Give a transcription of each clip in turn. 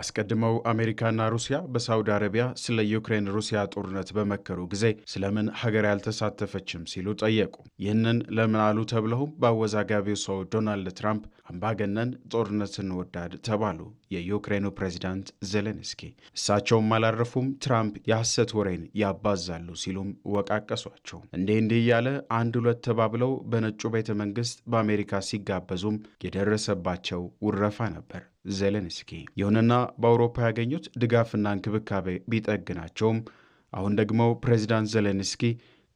አስቀድመው አሜሪካና ሩሲያ በሳውዲ አረቢያ ስለ ዩክሬን ሩሲያ ጦርነት በመከሩ ጊዜ ስለምን ሀገር ያልተሳተፈችም ሲሉ ጠየቁ። ይህንን ለምን አሉ ተብለውም በአወዛጋቢው ሰው ዶናልድ ትራምፕ አምባገነን ጦርነት እንወዳድ ተባሉ የዩክሬኑ ፕሬዚዳንት ዜሌንስኪ። እሳቸውም አላረፉም። ትራምፕ የሐሰት ወሬን ያባዛሉ ሲሉም ወቃቀሷቸው። እንዲህ እንዲህ እያለ አንድ ሁለት ተባብለው በነጩ ቤተ መንግስት በአሜሪካ ሲጋበዙም የደረሰባቸው ውረፋ ነበር። ዜሌንስኪ። ይሁንና በአውሮፓ ያገኙት ድጋፍና እንክብካቤ ቢጠግናቸውም አሁን ደግሞ ፕሬዚዳንት ዜሌንስኪ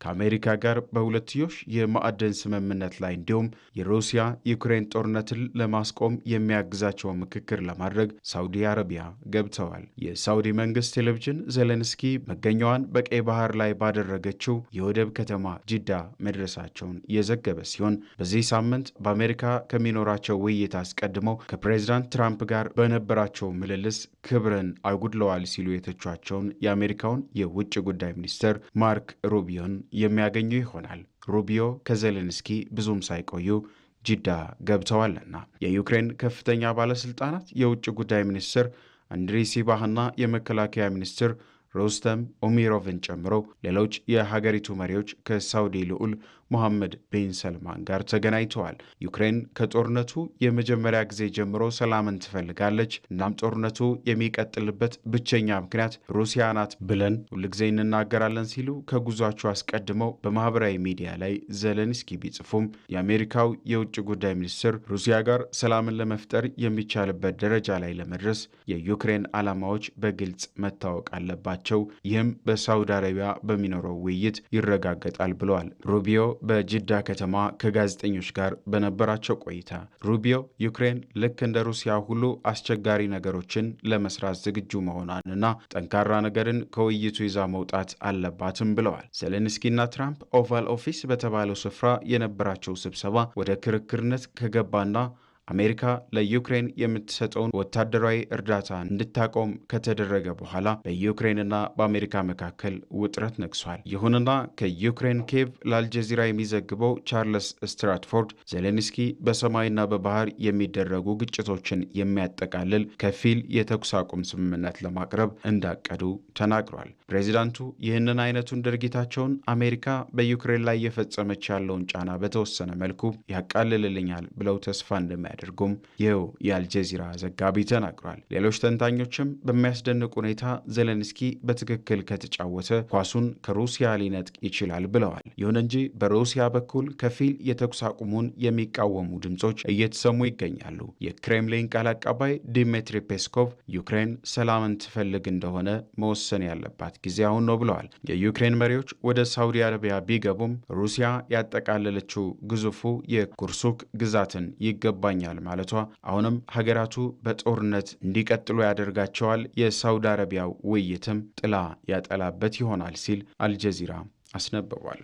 ከአሜሪካ ጋር በሁለትዮሽ የማዕድን ስምምነት ላይ እንዲሁም የሩሲያ ዩክሬን ጦርነትን ለማስቆም የሚያግዛቸውን ምክክር ለማድረግ ሳውዲ አረቢያ ገብተዋል። የሳውዲ መንግስት ቴሌቪዥን ዜሌንስኪ መገኛዋን በቀይ ባህር ላይ ባደረገችው የወደብ ከተማ ጅዳ መድረሳቸውን የዘገበ ሲሆን በዚህ ሳምንት በአሜሪካ ከሚኖራቸው ውይይት አስቀድመው ከፕሬዚዳንት ትራምፕ ጋር በነበራቸው ምልልስ ክብርን አጉድለዋል ሲሉ የተቿቸውን የአሜሪካውን የውጭ ጉዳይ ሚኒስትር ማርክ ሩቢዮን የሚያገኙ ይሆናል። ሩቢዮ ከዜሌንስኪ ብዙም ሳይቆዩ ጅዳ ገብተዋልና የዩክሬን ከፍተኛ ባለሥልጣናት የውጭ ጉዳይ ሚኒስትር አንድሪ ሲባህና የመከላከያ ሚኒስትር ሮስተም ኦሚሮቭን ጨምሮ ሌሎች የሀገሪቱ መሪዎች ከሳውዲ ልዑል ሞሐመድ ቢን ሰልማን ጋር ተገናኝተዋል። ዩክሬን ከጦርነቱ የመጀመሪያ ጊዜ ጀምሮ ሰላምን ትፈልጋለች፣ እናም ጦርነቱ የሚቀጥልበት ብቸኛ ምክንያት ሩሲያ ናት ብለን ሁልጊዜ እንናገራለን ሲሉ ከጉዟቸው አስቀድመው በማህበራዊ ሚዲያ ላይ ዘለንስኪ ቢጽፉም የአሜሪካው የውጭ ጉዳይ ሚኒስትር ሩሲያ ጋር ሰላምን ለመፍጠር የሚቻልበት ደረጃ ላይ ለመድረስ የዩክሬን ዓላማዎች በግልጽ መታወቅ አለባቸው ናቸው። ይህም በሳውዲ አረቢያ በሚኖረው ውይይት ይረጋገጣል ብለዋል ሩቢዮ በጅዳ ከተማ ከጋዜጠኞች ጋር በነበራቸው ቆይታ። ሩቢዮ ዩክሬን ልክ እንደ ሩሲያ ሁሉ አስቸጋሪ ነገሮችን ለመስራት ዝግጁ መሆኗንና ጠንካራ ነገርን ከውይይቱ ይዛ መውጣት አለባትም ብለዋል። ዘሌንስኪና ትራምፕ ኦቫል ኦፊስ በተባለው ስፍራ የነበራቸው ስብሰባ ወደ ክርክርነት ከገባና አሜሪካ ለዩክሬን የምትሰጠውን ወታደራዊ እርዳታ እንድታቆም ከተደረገ በኋላ በዩክሬንና በአሜሪካ መካከል ውጥረት ነግሷል። ይሁንና ከዩክሬን ኬቭ ለአልጀዚራ የሚዘግበው ቻርለስ ስትራትፎርድ ዜሌንስኪ በሰማይና በባህር የሚደረጉ ግጭቶችን የሚያጠቃልል ከፊል የተኩስ አቁም ስምምነት ለማቅረብ እንዳቀዱ ተናግሯል። ፕሬዚዳንቱ ይህንን አይነቱን ድርጊታቸውን አሜሪካ በዩክሬን ላይ እየፈጸመች ያለውን ጫና በተወሰነ መልኩ ያቃልልልኛል ብለው ተስፋ እንደሚያ እንደሚያደርጉም ይኸው የአልጀዚራ ዘጋቢ ተናግሯል። ሌሎች ተንታኞችም በሚያስደንቅ ሁኔታ ዘለንስኪ በትክክል ከተጫወተ ኳሱን ከሩሲያ ሊነጥቅ ይችላል ብለዋል። ይሁን እንጂ በሩሲያ በኩል ከፊል የተኩስ አቁሙን የሚቃወሙ ድምፆች እየተሰሙ ይገኛሉ። የክሬምሊን ቃል አቀባይ ዲሜትሪ ፔስኮቭ ዩክሬን ሰላምን ትፈልግ እንደሆነ መወሰን ያለባት ጊዜ አሁን ነው ብለዋል። የዩክሬን መሪዎች ወደ ሳውዲ አረቢያ ቢገቡም ሩሲያ ያጠቃለለችው ግዙፉ የኩርሱክ ግዛትን ይገባኛል ይገኛል ማለቷ አሁንም ሀገራቱ በጦርነት እንዲቀጥሉ ያደርጋቸዋል፣ የሳውዲ አረቢያው ውይይትም ጥላ ያጠላበት ይሆናል ሲል አልጀዚራ አስነብቧል።